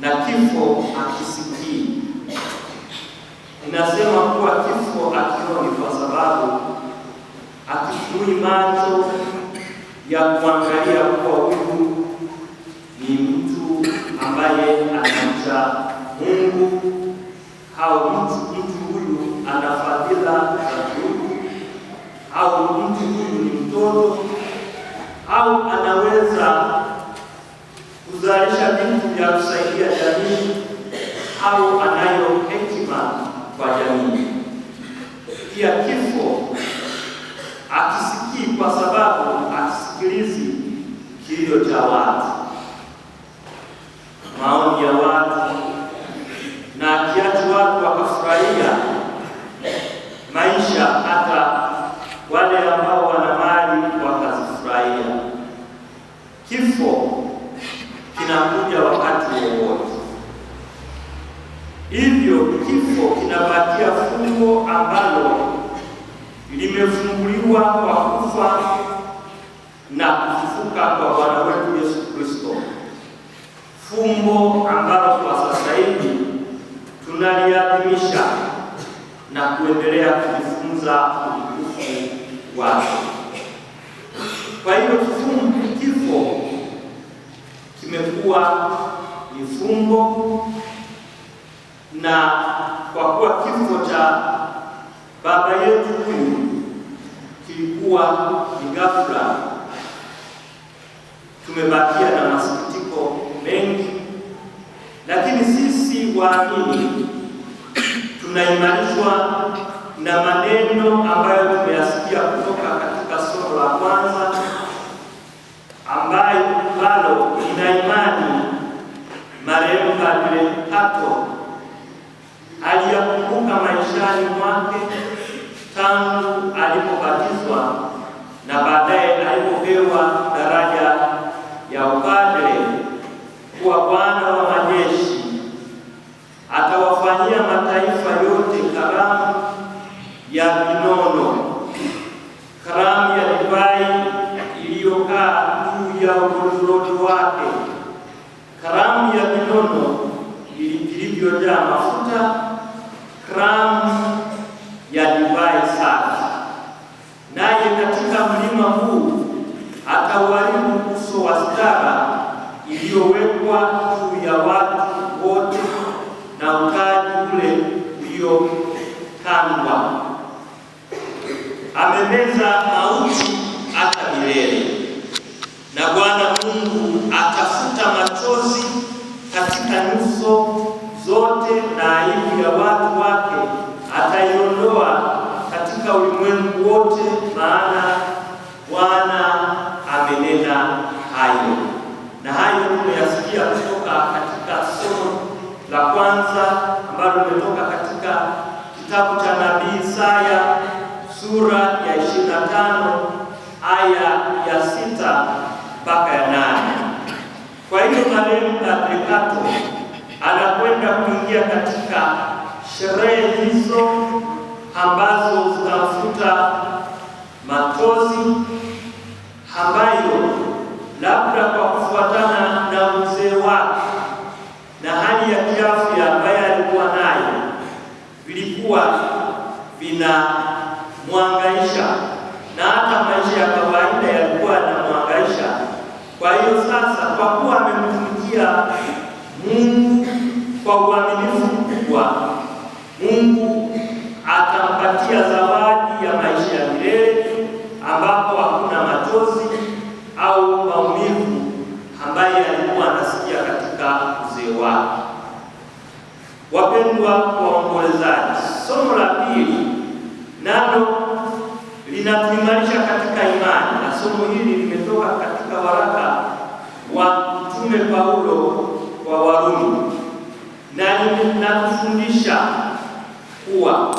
na kifo akisikii. Inasema kuwa kifo akioni, kwa sababu akifunui macho ya kuangalia kuwa huyu ni mtu ambaye anamcha Mungu au mtu huyu ana fadhila za kiungu au mtu huyu ni mtoto au anaweza kuzalisha vitu vya kusaidia jamii au anayo hekima kwa jamii. Pia kifo akisikii kwa sababu akisikilizi kilio cha watu umbo na kwa kuwa kifo cha baba yetu huyu kilikuwa ni ghafla, tumebakia na masikitiko mengi, lakini sisi waamini tunaimarishwa na maneno ambayo tumeyasikia kutoka katika somo la kwanza ambayo bado ina imani Marehemu Padre Kato aliyakumbuka maishani mwake tangu alipobatizwa na baadaye alipopewa daraja ya upate ulimwengu wote, maana Bwana amenena hayo. Na hayo tumeyasikia kutoka katika somo la kwanza ambalo limetoka katika kitabu cha nabii Isaya sura ya 25 aya ya sita mpaka ya nane. Kwa hiyo marehemu Patriarkato anakwenda kuingia katika sherehe hizo ambazo zinafuta matozi ambayo labda kwa kufuatana na uzee wake na hali ya kiafya ambayo alikuwa nayo vilikuwa vinamwangaisha na hata maisha ya kawaida yalikuwa yanamwangaisha. Kwa hiyo sasa, kwa kuwa amemtumikia Mungu kwa uaminifu mkubwa, Mungu anampatia zawadi ya maisha ya milele ambapo hakuna machozi au maumivu ambaye alikuwa anasikia katika uzee wake. Wapendwa waombolezaji, somo la pili nalo linatuimarisha katika imani, na somo hili limetoka katika waraka wa Mtume Paulo kwa Warumi na linatufundisha kuwa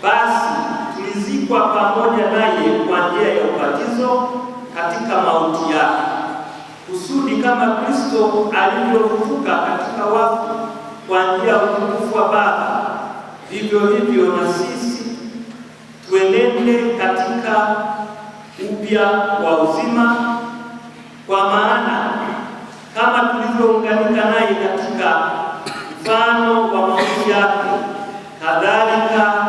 basi tulizikwa pamoja naye kwa njia ya ubatizo katika mauti yake, kusudi kama Kristo alivyofufuka katika wafu kwa njia ya utukufu wa Baba, vivyo hivyo na sisi tuenende katika upya wa uzima, kwa maana kama tulivyounganika naye katika mfano wa mauti yake kadhalika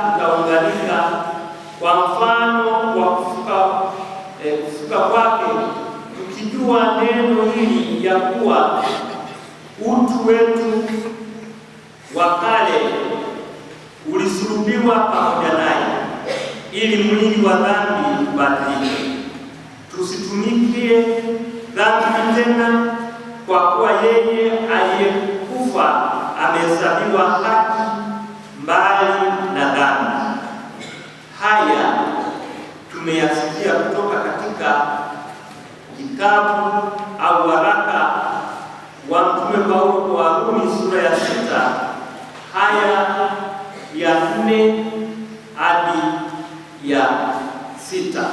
kutambua neno hili ya kuwa utu wetu wa kale ulisulubiwa pamoja naye ili mwili wa dhambi ubadilike, tusitumikie dhambi tena, kwa kuwa yeye aliyekufa amehesabiwa haki mbali na dhambi. Haya tumeyasikia kutoka katika kitabu au waraka wa Mtume Paulo kwa Warumi sura ya sita haya ya nne hadi ya sita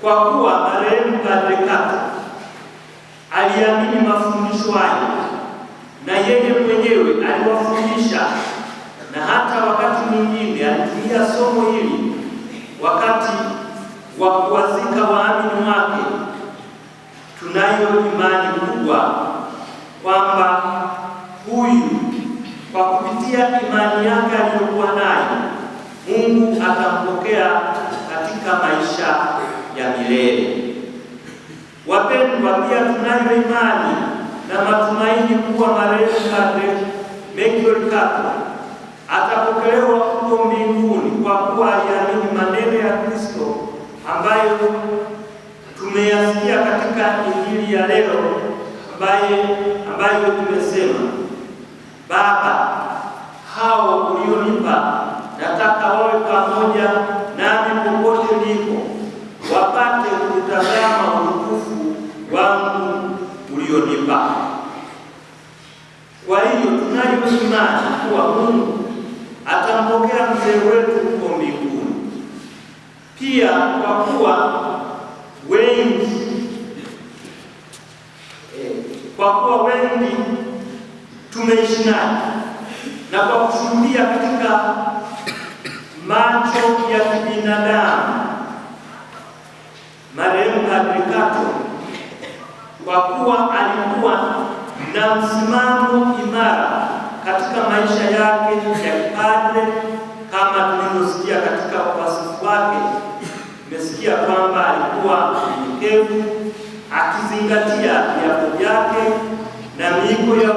kwa kuwa marehemu Bendekata aliamini mafundisho hayo na yeye mwenyewe aliwafundisha imani yake aliyokuwa nayo, Mungu atampokea katika maisha ya milele. Wapendwa, pia tunayo imani na matumaini kuwa marehemu Padre Melchior Kato atapokelewa huko mbinguni kwa kuwa aliamini maneno ya Kristo ambayo tumeyasikia katika Injili ya leo ambayo ambayo tumesema Baba del Padre kama tulivyosikia katika wasifu wake. Tumesikia kwamba alikuwa mnyenyekevu, akizingatia viapo vyake na miiko ya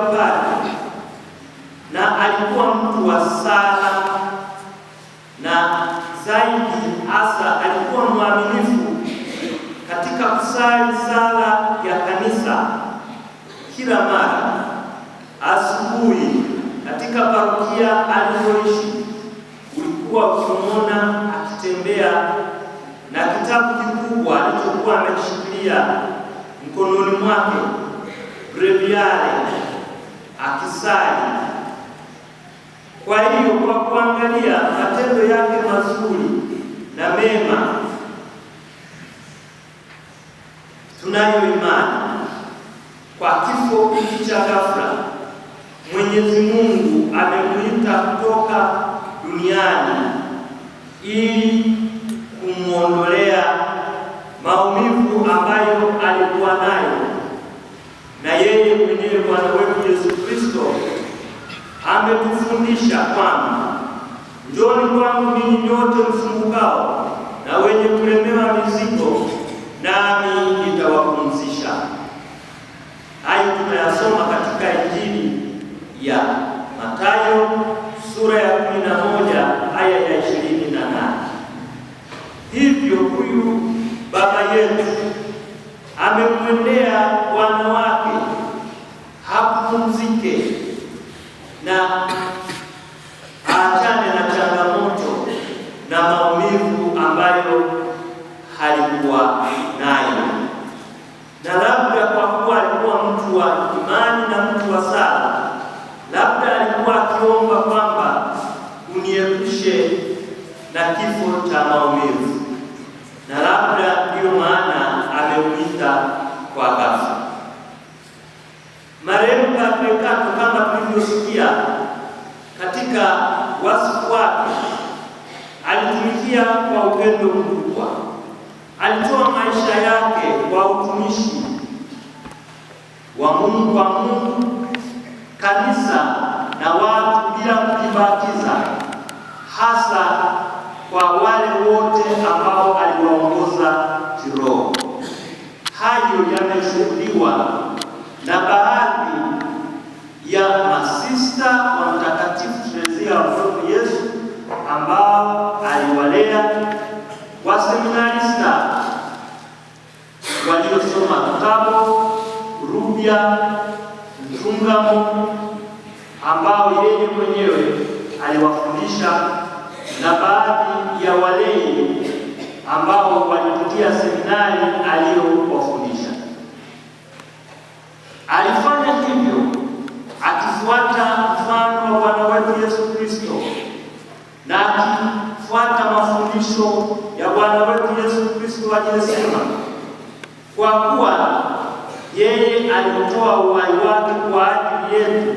Maria alivyoishi ulikuwa ukimwona akitembea na kitabu kikubwa alichokuwa amekishikilia mkononi mwake, breviare, akisali. Kwa hiyo kwa kuangalia matendo yake mazuri na mema, tunayo imani kwa kifo hiki cha ghafla Mwenyezi Mungu kutoka duniani ili kumwondolea maumivu ambayo alikuwa nayo, na yeye mwenyewe Bwana wetu Yesu Kristo ametufundisha kwamba njoni kwangu ninyi nyote msumbukao na wenye kulemewa mizigo, nami nitawapumzisha. Hayo tunayasoma katika Injili ya Mathayo sura ya kumi na moja aya ya ishirini na nane. Hivyo huyu baba yetu amemwendea alikimbia kwa upendo mkubwa, alitoa maisha yake kwa utumishi wa Mungu wa Mungu, kanisa na watu, bila kujibatiza, hasa kwa wale wote ambao aliwaongoza kiroho. Hayo yameshuhudiwa waseminarista waliosoma kabo Rubya, Ntungamo ambao yeye mwenyewe aliwafundisha na baadhi ya walei ambao walipitia seminari aliyowafundisha. Alifanya hivyo akifuata mfano wa Bwana wetu Yesu Kristo na akifuata mafundisho wanasema kwa kuwa yeye alitoa uhai wake kwa ajili yetu,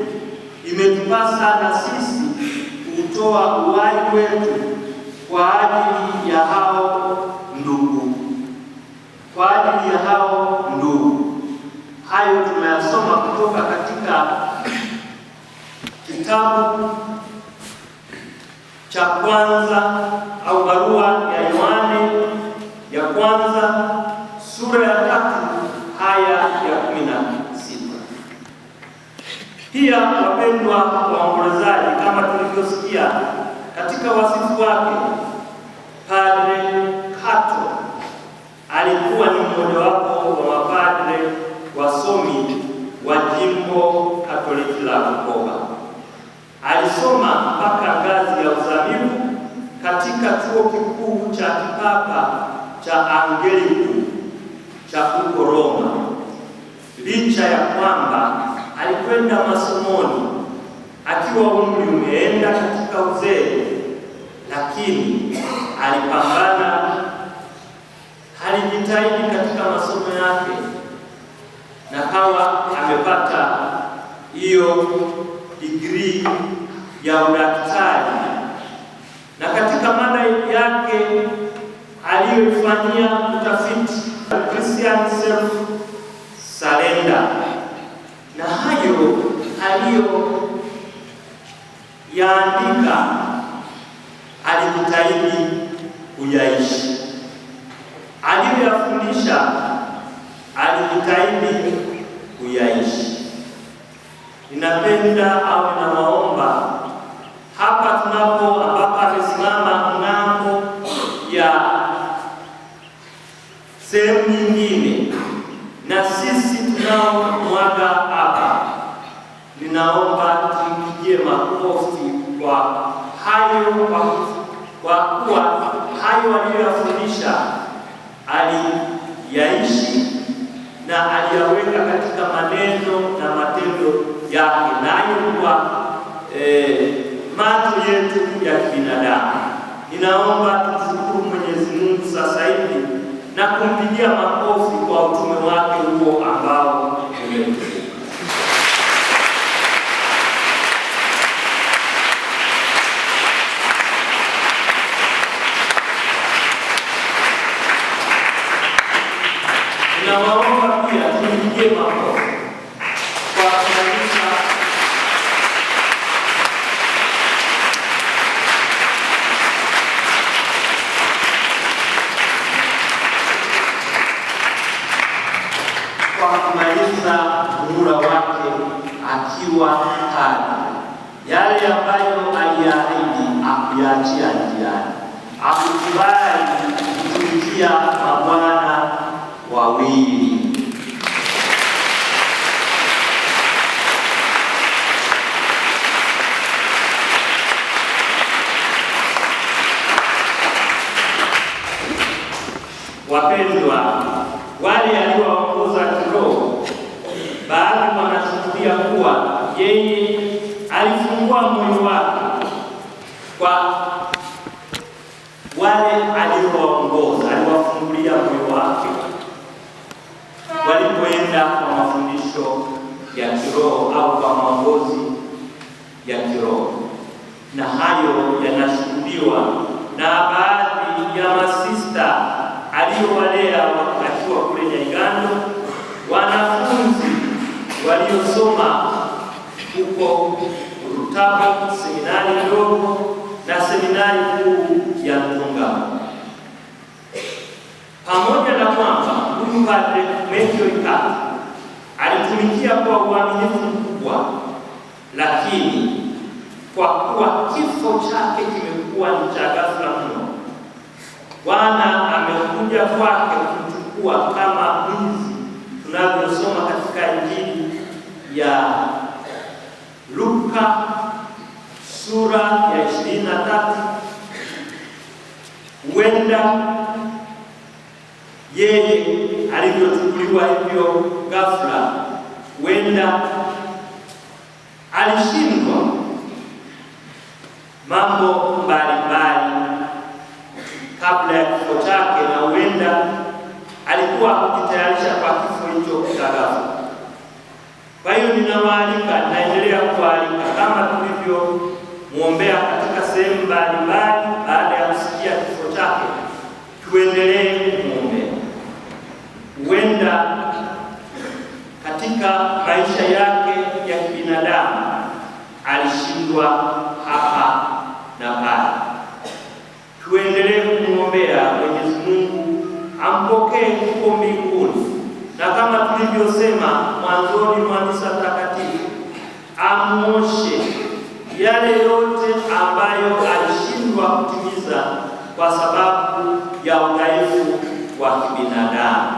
imetupasa na sisi kutoa uhai wetu kwa ajili ya hao ndugu, kwa ajili ya hao ndugu. Hayo tunayasoma kutoka katika kitabu cha kwanza au barua kwanza sura ya tatu haya ya kumi na sita. Pia wapendwa waombolezaji, kama tulivyosikia katika wasifu wake, Padre Kato alikuwa ni mmojawapo wa mapadre wasomi wa jimbo Katoliki la Bukoba. Alisoma mpaka ngazi ya uzamivu katika chuo kikuu cha kipapa cha Angeliku cha huko Roma, licha ya kwamba alikwenda masomoni akiwa umri umeenda katika uzee, lakini alipambana, alijitahidi katika masomo yake na kawa amepata hiyo digrii ya sehemu nyingine, na sisi tunao mwaga hapa. Ninaomba tupigie makofi kwa hayo, kwa kuwa hayo aliyoyafundisha aliyaishi na aliyaweka katika maneno na matendo yake, nayo kwa eh, macho yetu ya kibinadamu. Ninaomba tumshukuru Mwenyezi Mungu sasa hivi na kumpigia makofi kwa utume wake huo ambao Nawaomba pia tumpigie makofi Wapendwa, wale aliowaongoza kiroho, baadhi wanashuhudia kuwa yeye alifungua moyo wake kwa wale aliowaongoza, aliwafungulia moyo wake walipoenda kwa mafundisho ya kiroho au kwa maongozi ya kiroho, na hayo yanashuhudiwa na baadhi ya masista aliyowalea akiwa kule Nyaigando, wanafunzi waliosoma huko Rutabo, seminari ndogo na seminari kuu ya Mtungamo. Pamoja na kwamba huyu padre Matthew alitumikia kwa uaminifu mkubwa, lakini kwa kuwa kifo chake kimekuwa ni cha ghafla mno, Bwana kuja kwake kuchukua kama mwizi, tunavyosoma katika Injili ya Luka sura ya ishirini na tatu. Huenda yeye alivyochukuliwa hivyo ghafla, huenda alishindwa mambo mbalimbali kabla ya kifo chake, na huenda alikuwa akijitayarisha kwa kifo hicho kitakatifu. Kwa hiyo ninawaalika, naendelea kuwaalika kama muombea katika sehemu mbalimbali baada ya kusikia kifo chake, tuendelee kumwombea. Huenda katika maisha yake ya kibinadamu alishindwa hapa na pale tuendelee kumwombea Mwenyezi Mungu ampokee huko mbinguni, na kama tulivyosema mwanzoni mwa misa takatifu, amoshe yale yote ambayo alishindwa kutimiza kwa sababu ya udhaifu wa kibinadamu.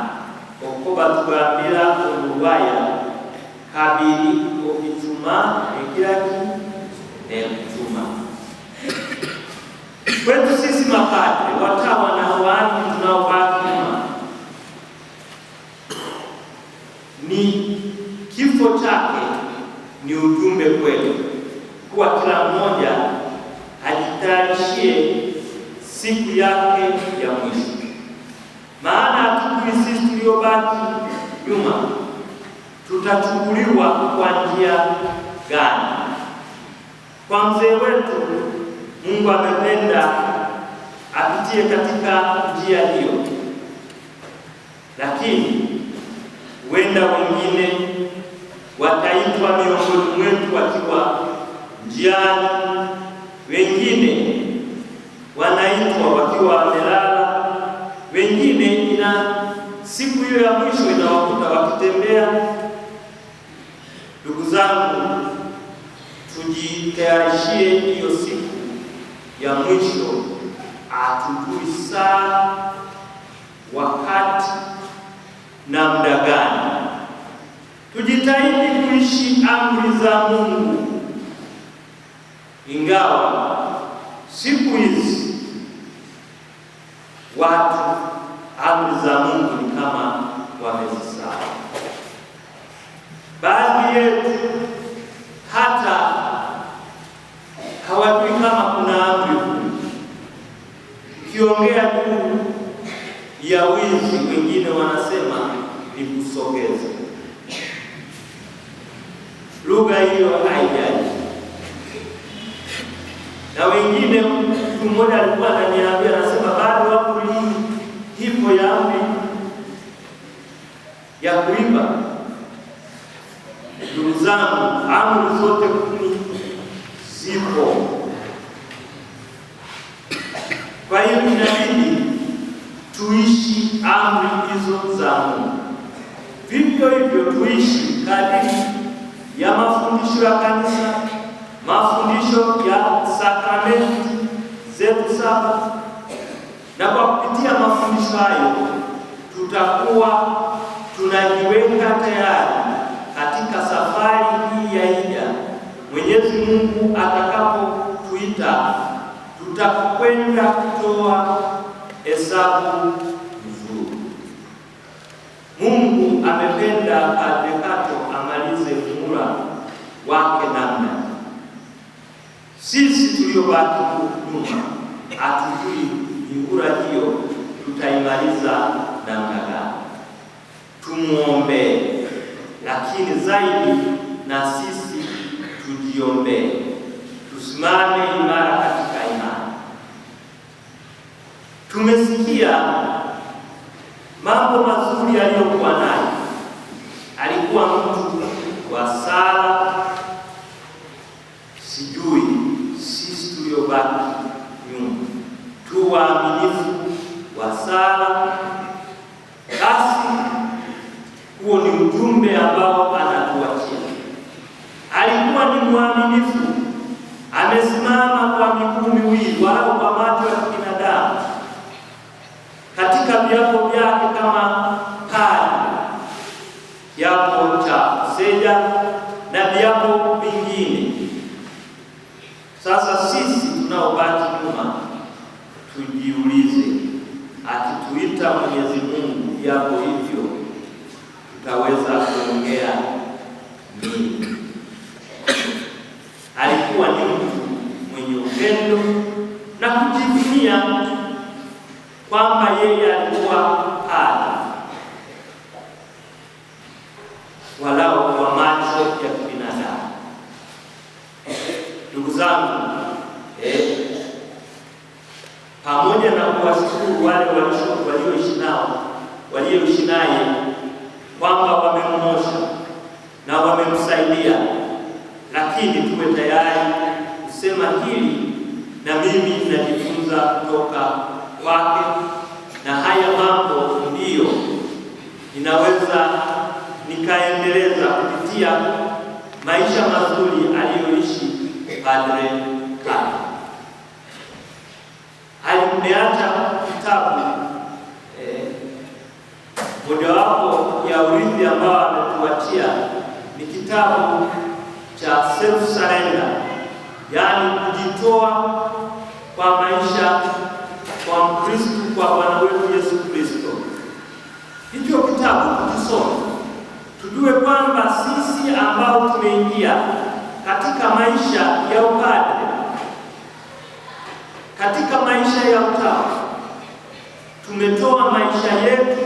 okobatukwambira omulwaya kabiri okituma ekilaki ekutuma Kwetu sisi mapadre, watawa na waamini tunaobaki ni kifo chake ni ujumbe kwetu kuwa kila mmoja ajitayarishie siku yake ya mwisho, maana hatujui sisi tuliobaki nyuma tutachukuliwa kwa njia gani. Kwa mzee wetu Mungu amependa apitie katika njia hiyo, lakini huenda wengine wataitwa miongoni mwetu wakiwa njiani, wengine wanaitwa wakiwa wamelala, wengine ina siku hiyo ya mwisho inawakuta wakitembea. Ndugu zangu, tujitayarishie hiyo siku ya mwisho hatujui saa, wakati na muda gani. Tujitahidi kuishi amri za Mungu, ingawa siku hizi watu amri za Mungu ni kama wamezisahau baadhi yetu maandishi, wengine wanasema ni kusogeza. Lugha hiyo haijali. na wengine mtu mmoja alikuwa ananiambia Vivyo hivyo tuishi kadiri ya mafundisho ya kanisa, mafundisho ya sakramenti zetu saba, na kwa kupitia mafundisho hayo tutakuwa tunajiweka tayari katika safari hii ya hija. Mwenyezi Mungu atakapotuita tutakwenda kutoa hesabu Mungu amependa Padre Kato amalize muhula wake namna. Sisi tuliobaki nyuma hatujui muhula hiyo tutaimaliza namna gani. Tumuombe, lakini zaidi na sisi tujiombe tusimame imara katika imani. Tumesikia mambo kushukuru waaminifu wa sala. Basi huo ni ujumbe ambao anatuachia. Alikuwa ni mwaminifu, amesimama kwa miguu miwili, wala kwa macho ya kibinadamu, katika viapo vyake kama kali, kiapo cha seja na viapo vingine. Sasa sisi tunaobaki nyuma tujiulize, akituita Mwenyezi Mungu yapo hivyo tutaweza kuongea nini? Alikuwa ni mtu mwenye upendo na kujivunia kwamba yeye pamoja na kuwashukuru wale walioishi nao walioishi naye kwamba wamemnosha na wamemsaidia, lakini tuwe tayari kusema hili na mimi najifunza kutoka kwake, na haya mambo ndiyo ninaweza nikaendeleza kupitia maisha mazuri aliyoishi Padre umeacha kitabu eh, mojawapo ya urithi ambao ametuachia ni kitabu cha self surrender, yaani kujitoa kwa maisha kwa Mkristo, kwa Bwana wetu Yesu Kristo. Hicho kitabu tukisoma, tujue kwamba sisi ambao tumeingia katika maisha ya ubaya katika maisha ya mtaa tumetoa maisha yetu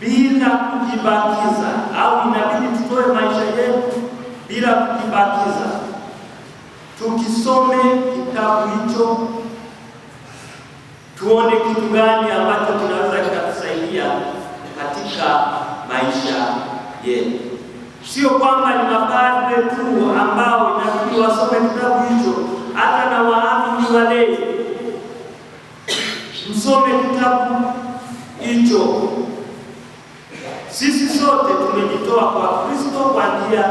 bila kujibatiza au inabidi tutoe maisha yetu bila kujibatiza Tukisome kitabu hicho, tuone kitu gani ambacho kinaweza kikatusaidia katika maisha yetu. Sio kwamba ni mapadre tu ambao inabidi wasome kitabu hicho mwangalie, msome kitabu hicho. Sisi sote tumejitoa kwa Kristo kwa njia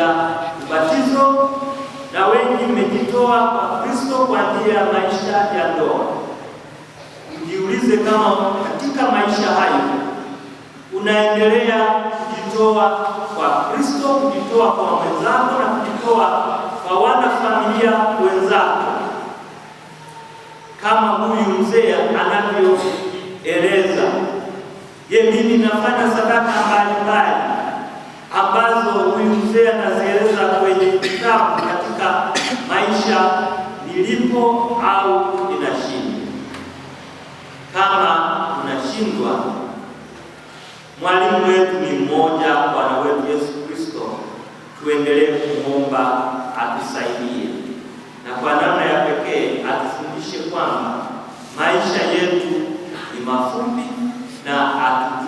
ya ubatizo na wengi mmejitoa kwa Kristo kwa njia ya maisha ya ndoa. Mjiulize kama katika maisha hayo unaendelea kujitoa kwa Kristo, kujitoa kwa mwenzako na kujitoa kwa wanafamilia wenzako kama huyu mzee anavyoeleza. Je, mimi nafanya sadaka mbalimbali ambazo huyu mzee anazieleza kwenye kitabu katika maisha nilipo, au inashindwa. Kama unashindwa, mwalimu wetu ni mmoja, Bwana wetu Yesu Kristo. Tuendelee kumwomba atusaidie na kwa namna ya pekee tuhakikishe kwamba maisha yetu ni mafupi na atu